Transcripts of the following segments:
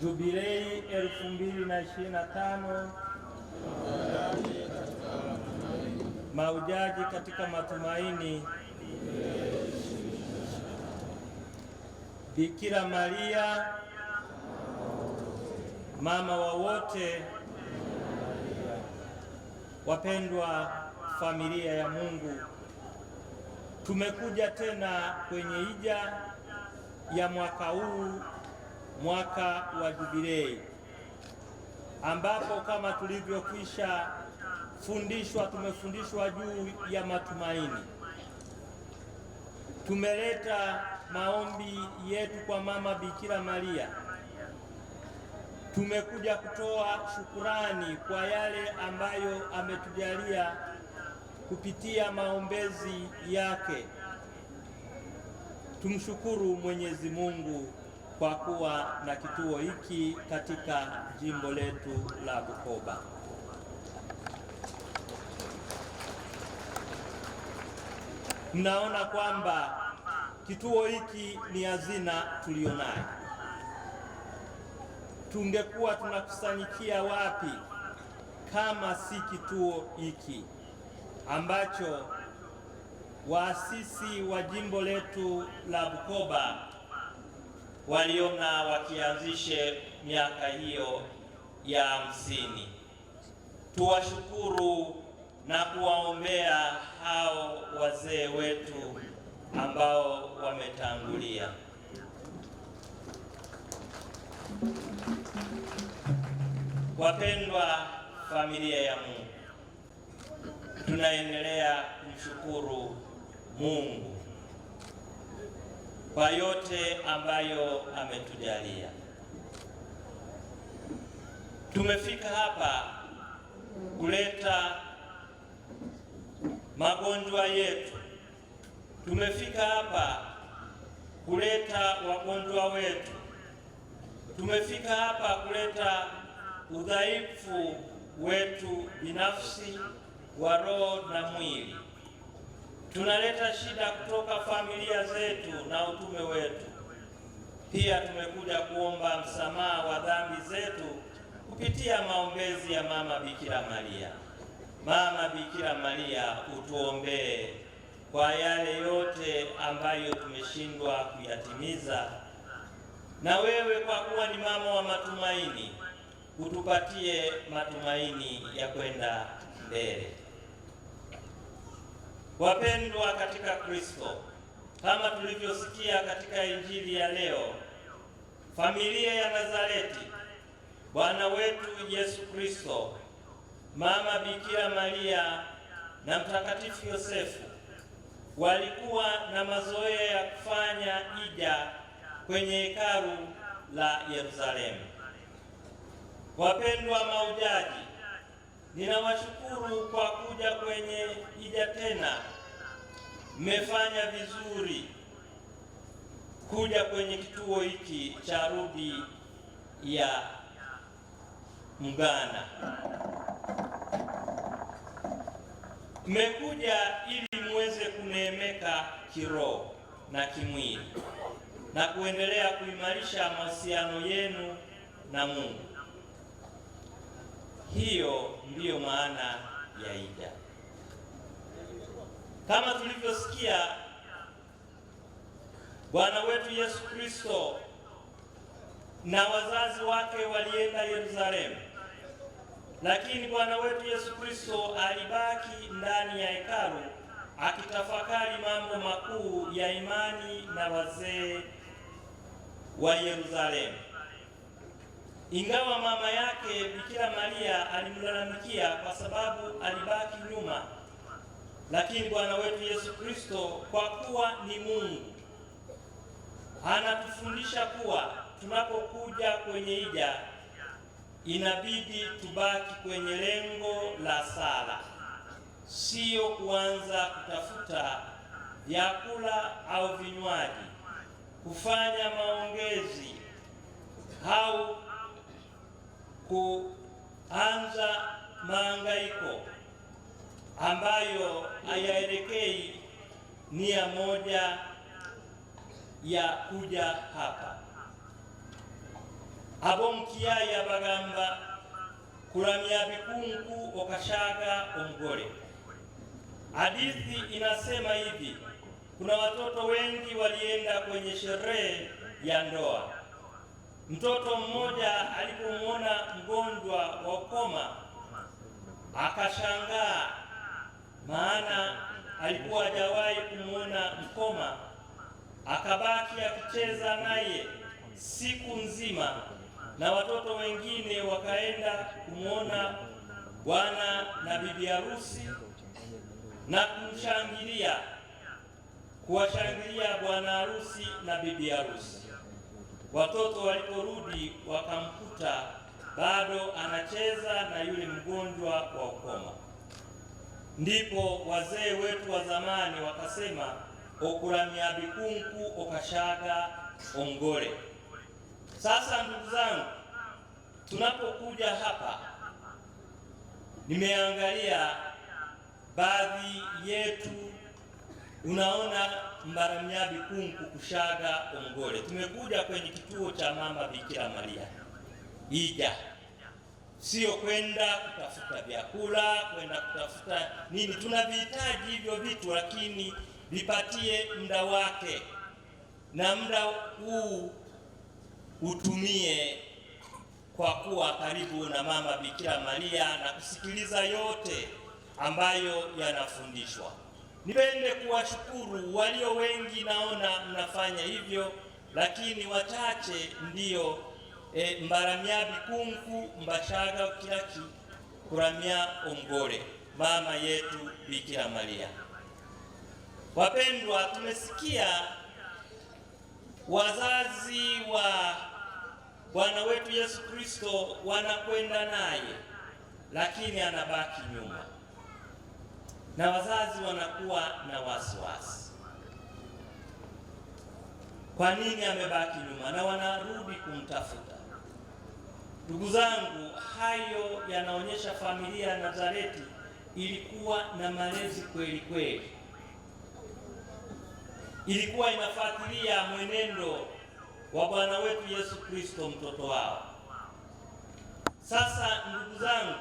Jubilei elfu mbili na ishirini na tano maujaji katika matumaini. Bikira Maria mama wa wote, wapendwa familia ya Mungu, tumekuja tena kwenye hija ya mwaka huu mwaka wa jubilei, ambapo kama tulivyokwisha fundishwa, tumefundishwa juu ya matumaini. Tumeleta maombi yetu kwa mama Bikira Maria, tumekuja kutoa shukurani kwa yale ambayo ametujalia kupitia maombezi yake. Tumshukuru Mwenyezi Mungu kwa kuwa na kituo hiki katika jimbo letu la Bukoba. Mnaona kwamba kituo hiki ni hazina tulionayo Tungekuwa tunakusanyikia wapi kama si kituo hiki ambacho waasisi wa jimbo letu la Bukoba waliona wakianzishe miaka hiyo ya hamsini. Tuwashukuru na kuwaombea hao wazee wetu ambao wametangulia. Wapendwa familia ya Mungu, tunaendelea kumshukuru Mungu kwa yote ambayo ametujalia. Tumefika hapa kuleta magonjwa yetu, tumefika hapa kuleta wagonjwa wetu, tumefika hapa kuleta udhaifu wetu binafsi wa roho na mwili tunaleta shida kutoka familia zetu na utume wetu. Pia tumekuja kuomba msamaha wa dhambi zetu kupitia maombezi ya Mama Bikira Maria. Mama Bikira Maria, utuombee kwa yale yote ambayo tumeshindwa kuyatimiza, na wewe kwa kuwa ni mama wa matumaini, utupatie matumaini ya kwenda mbele. Wapendwa katika Kristo, kama tulivyosikia katika injili ya leo, familia ya Nazareti, Bwana wetu Yesu Kristo, Mama Bikira Maria na Mtakatifu Yosefu walikuwa na mazoea ya kufanya hija kwenye hekalu la Yerusalemu. Wapendwa maujaji Ninawashukuru kwa kuja kwenye hija tena, mmefanya vizuri kuja kwenye kituo hiki cha Rudi ya Mgana. Mmekuja ili muweze kuneemeka kiroho na kimwili na kuendelea kuimarisha mahusiano yenu na Mungu. Hiyo ndiyo maana ya Ida. Kama tulivyosikia, Bwana wetu Yesu Kristo na wazazi wake walienda Yerusalemu, lakini Bwana wetu Yesu Kristo alibaki ndani ya hekalu akitafakari mambo makuu ya imani na wazee wa Yerusalemu ingawa mama yake Bikira Maria alimlalamikia kwa sababu alibaki nyuma, lakini Bwana wetu Yesu Kristo, kwa kuwa ni Mungu, anatufundisha kuwa tunapokuja kwenye hija inabidi tubaki kwenye lengo la sala, siyo kuanza kutafuta vyakula au vinywaji, kufanya maongezi au kuanza maangaiko ambayo hayaelekei nia moja ya kuja hapa abomkiaya bagamba kuramya bikungu okashaga omugore. Hadithi inasema hivi, kuna watoto wengi walienda kwenye sherehe ya ndoa Mtoto mmoja alipomwona mgonjwa wa koma akashangaa, maana alikuwa hajawahi kumwona mkoma. Akabaki akicheza naye siku nzima, na watoto wengine wakaenda kumwona bwana na bibi harusi na kumshangilia, kuwashangilia bwana harusi na bibi harusi. Watoto waliporudi wakamkuta bado anacheza na yule mgonjwa wa ukoma. Ndipo wazee wetu wa zamani wakasema, okuramya bikunku okashaga ongole. Sasa ndugu zangu, tunapokuja hapa, nimeangalia baadhi yetu, unaona mbaramya bikunku kushaga omugole. Tumekuja kwenye kituo cha mama Bikira Maria ija, sio kwenda kutafuta vyakula, kwenda kutafuta nini. Tunavihitaji hivyo vitu, lakini vipatie muda wake, na muda huu utumie kwa kuwa karibu na mama Bikira Maria na kusikiliza yote ambayo yanafundishwa. Nipende kuwashukuru walio wengi, naona mnafanya hivyo, lakini wachache ndiyo e, eh, mbaramya bikunku mbashaga kiaki kuramya omgore mama yetu Bikira Maria. Wapendwa, tumesikia wazazi wa Bwana wetu Yesu Kristo wanakwenda naye, lakini anabaki nyuma na wazazi wanakuwa na wasiwasi, kwa nini amebaki nyuma, na wanarudi kumtafuta. Ndugu zangu, hayo yanaonyesha familia ya Nazareti ilikuwa na malezi kweli kweli, ilikuwa inafuatilia mwenendo wa Bwana wetu Yesu Kristo mtoto wao. Sasa ndugu zangu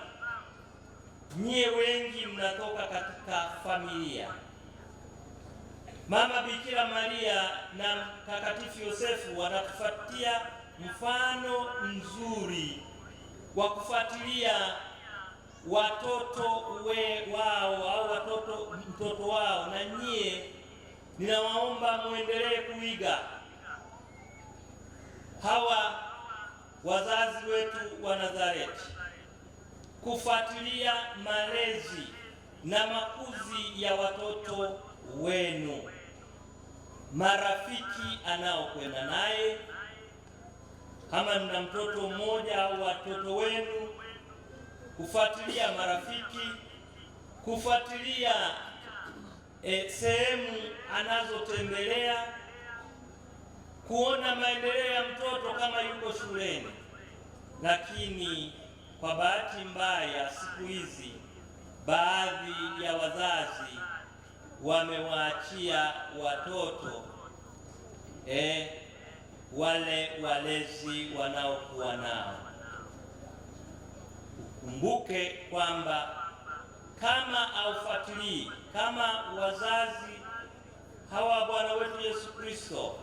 nyie wengi mnatoka katika familia. Mama Bikira Maria na Mtakatifu Yosefu wanatufuatia mfano mzuri wa kufuatilia watoto we wao au watoto mtoto wao, na nyie ninawaomba muendelee kuiga. Hawa wazazi wetu wa Nazareti kufuatilia malezi na makuzi ya watoto wenu, marafiki anaokwenda naye, kama mna mtoto mmoja au watoto wenu, kufuatilia marafiki, kufuatilia e, sehemu anazotembelea, kuona maendeleo ya mtoto kama yuko shuleni, lakini kwa bahati mbaya, siku hizi baadhi ya wazazi wamewaachia watoto eh, wale walezi wanaokuwa nao. Ukumbuke kwamba kama aufuatilii, kama wazazi hawa Bwana wetu Yesu Kristo,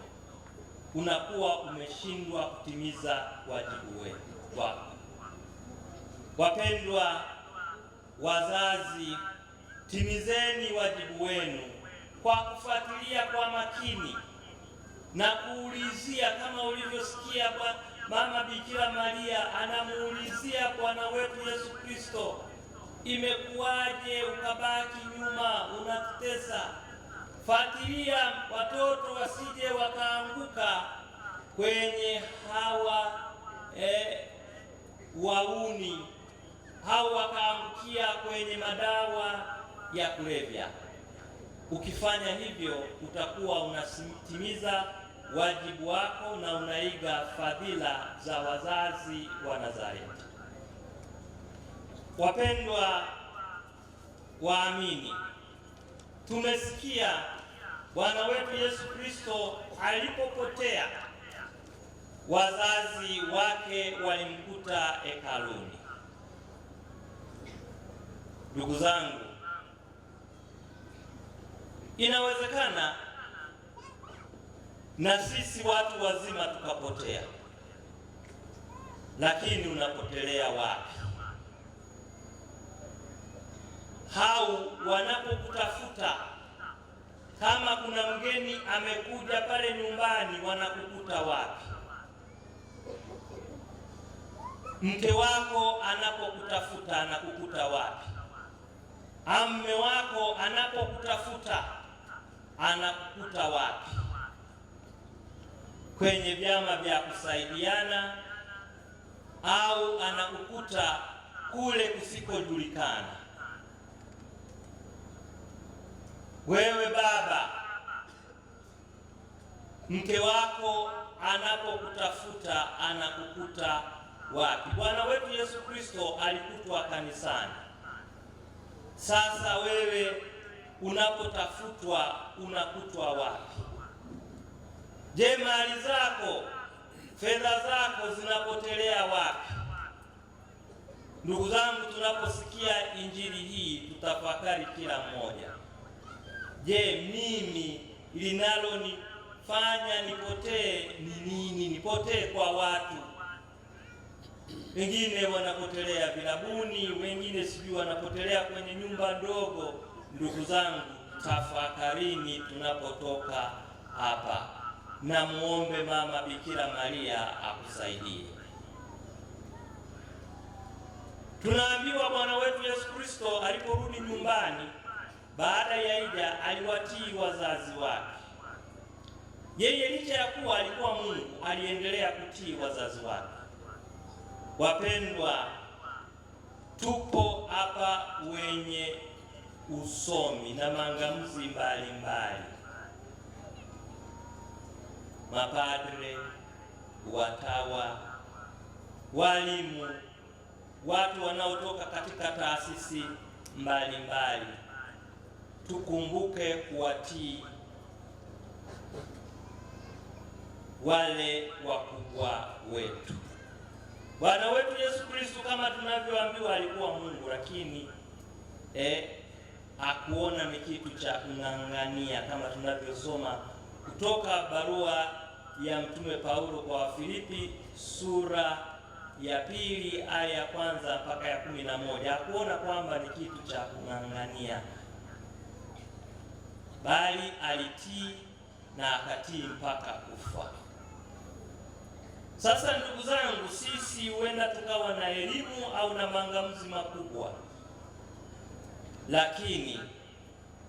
unakuwa umeshindwa kutimiza wajibu wako. Wapendwa wazazi, timizeni wajibu wenu kwa kufuatilia kwa makini na kuulizia, kama ulivyosikia kwa Mama Bikira Maria anamuulizia Bwana wetu Yesu Kristo, imekuwaje ukabaki nyuma, unatutesa? Fuatilia watoto wasije wakaanguka kwenye hawa eh, wauni au wakaangukia kwenye madawa ya kulevya. Ukifanya hivyo, utakuwa unatimiza wajibu wako na unaiga fadhila za wazazi wa Nazareti. Wapendwa waamini, tumesikia Bwana wetu Yesu Kristo alipopotea, wazazi wake walimkuta hekaluni Ndugu zangu, inawezekana na sisi watu wazima tukapotea, lakini unapotelea wapi? Hau wanapokutafuta kama kuna mgeni amekuja pale nyumbani, wanakukuta wapi? Mke wako anapokutafuta anakukuta wapi? Mme wako anapokutafuta anakukuta wapi? Kwenye vyama vya kusaidiana au anakukuta kule kusikojulikana? Wewe baba, mke wako anapokutafuta anakukuta wapi? Bwana wetu Yesu Kristo alikutwa kanisani. Sasa wewe unapotafutwa unakutwa wapi? Je, mali zako, fedha zako zinapotelea wapi? Ndugu zangu, tunaposikia injili hii tutafakari kila mmoja. Je, mimi linalonifanya nipotee ni nini? Nipotee kwa watu wengine wanapotelea vilabuni, wengine sijui wanapotelea kwenye nyumba ndogo. Ndugu zangu, tafakarini tunapotoka hapa, na muombe mama Bikira Maria akusaidie. Tunaambiwa Bwana wetu Yesu Kristo aliporudi nyumbani baada ya Ida, aliwatii wazazi wake. Yeye licha ya kuwa alikuwa Mungu, aliendelea kutii wazazi wake. Wapendwa, tupo hapa wenye usomi na mangamzi mbalimbali, mapadre, watawa, walimu, watu wanaotoka katika taasisi mbalimbali. Tukumbuke kuwatii wale wakubwa wetu. Bwana wetu Yesu Kristo kama tunavyoambiwa alikuwa Mungu, lakini eh, akuona ni kitu cha kung'ang'ania, kama tunavyosoma kutoka barua ya mtume Paulo kwa Wafilipi sura ya pili aya ya kwanza mpaka ya kumi na moja. Hakuona kwamba ni kitu cha kung'ang'ania, bali alitii na akatii mpaka kufa. Sasa ndugu zangu, sisi huenda tukawa na elimu au na mangamuzi makubwa, lakini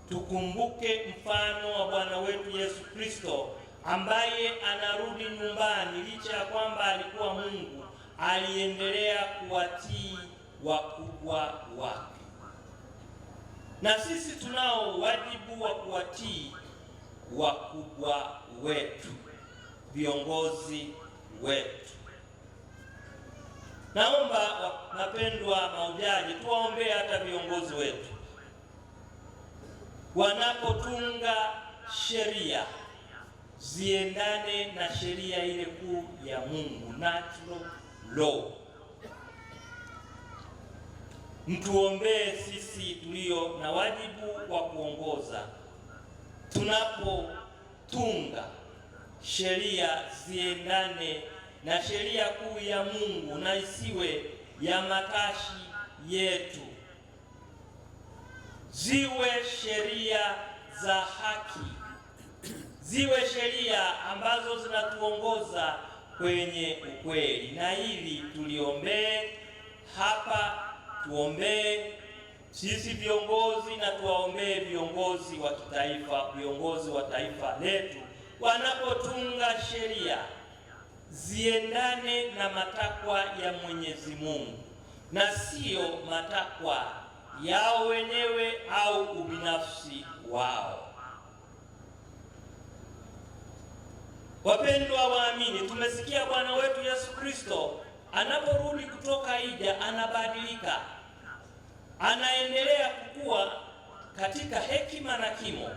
tukumbuke mfano wa Bwana wetu Yesu Kristo ambaye anarudi nyumbani. Licha ya kwamba alikuwa Mungu, aliendelea kuwatii wakubwa wake, na sisi tunao wajibu wa kuwatii wakubwa wetu, viongozi wetu. Naomba mapendwa maujaji, tuwaombee hata viongozi wetu wanapotunga sheria ziendane na sheria ile kuu ya Mungu, natural law. Mtuombee sisi tulio na wajibu wa kuongoza tunapotunga sheria ziendane na sheria kuu ya Mungu na isiwe ya matashi yetu, ziwe sheria za haki, ziwe sheria ambazo zinatuongoza kwenye ukweli. Na hili tuliombee hapa, tuombee sisi viongozi na tuwaombee viongozi wa kitaifa, viongozi wa taifa letu wanapotunga sheria ziendane na matakwa ya Mwenyezi Mungu na siyo matakwa yao wenyewe au ubinafsi wao. Wapendwa waamini, tumesikia Bwana wetu Yesu Kristo anaporudi kutoka Ija anabadilika, anaendelea kukua katika hekima na kimo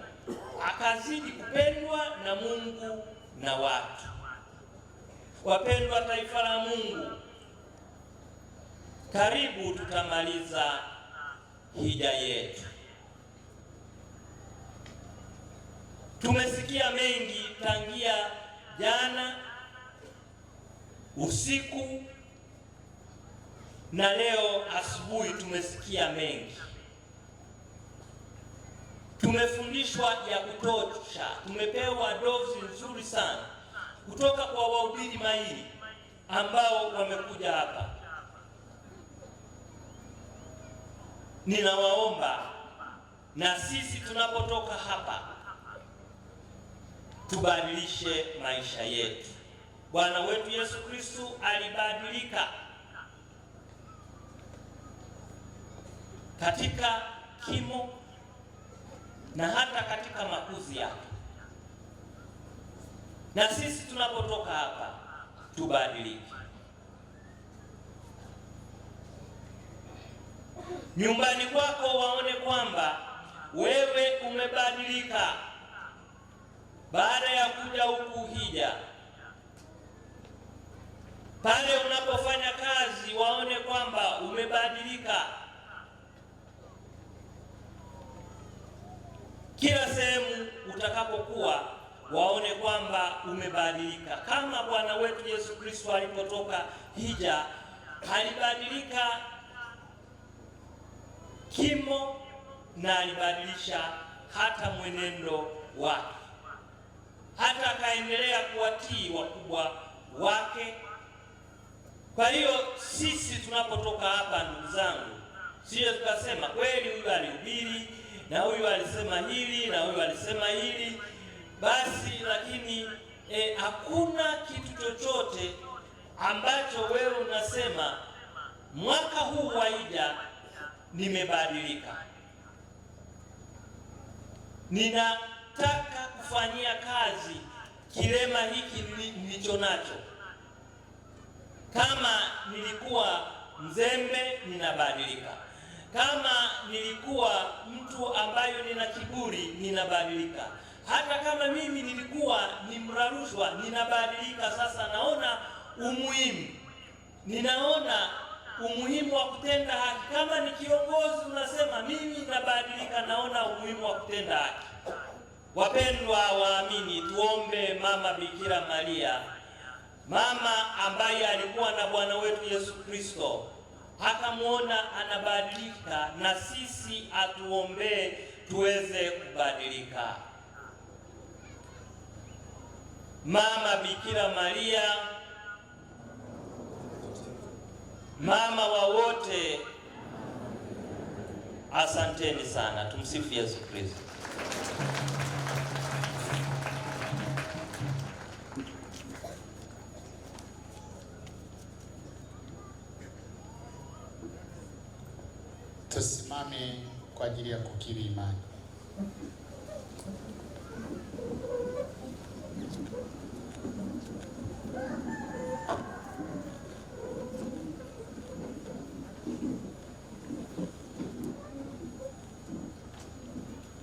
akazidi kupendwa na Mungu na watu. Wapendwa taifa la Mungu, karibu tutamaliza hija yetu. Tumesikia mengi tangia jana usiku na leo asubuhi tumesikia mengi tumefundishwa ya kutosha, tumepewa dozi nzuri sana kutoka kwa wahubiri mahiri ambao wamekuja hapa. Ninawaomba na sisi tunapotoka hapa tubadilishe maisha yetu. Bwana wetu Yesu Kristu alibadilika katika kimo na hata katika makuzi yake. Na sisi tunapotoka hapa tubadilike. Nyumbani kwako waone kwamba wewe umebadilika baada ya kuja huku hija. Pale unapofanya kazi waone kwamba umebadilika. kila sehemu utakapokuwa waone kwamba umebadilika, kama Bwana wetu Yesu Kristo alipotoka hija alibadilika kimo na alibadilisha hata mwenendo wake, hata akaendelea kuwatii wakubwa wake. Kwa hiyo sisi tunapotoka hapa, ndugu zangu, sije tukasema kweli huyu alihubiri na huyu alisema hili na huyu alisema hili basi, lakini e, hakuna kitu chochote ambacho wewe unasema mwaka huu wa Ida nimebadilika, ninataka kufanyia kazi kilema hiki nilicho nacho. Kama nilikuwa mzembe, ninabadilika kama nilikuwa mtu ambayo nina kiburi, ninabadilika. Hata kama mimi nilikuwa ni mraruzwa, ninabadilika. Sasa naona umuhimu, ninaona umuhimu wa kutenda haki. Kama ni kiongozi unasema mimi nabadilika, naona umuhimu wa kutenda haki. Wapendwa waamini, tuombe Mama Bikira Maria, mama ambaye alikuwa na Bwana wetu Yesu Kristo akamwona anabadilika, na sisi atuombee tuweze kubadilika. Mama Bikira Maria, mama wa wote, asanteni sana. Tumsifu Yesu Kristo. kwa ajili ya kukiri imani.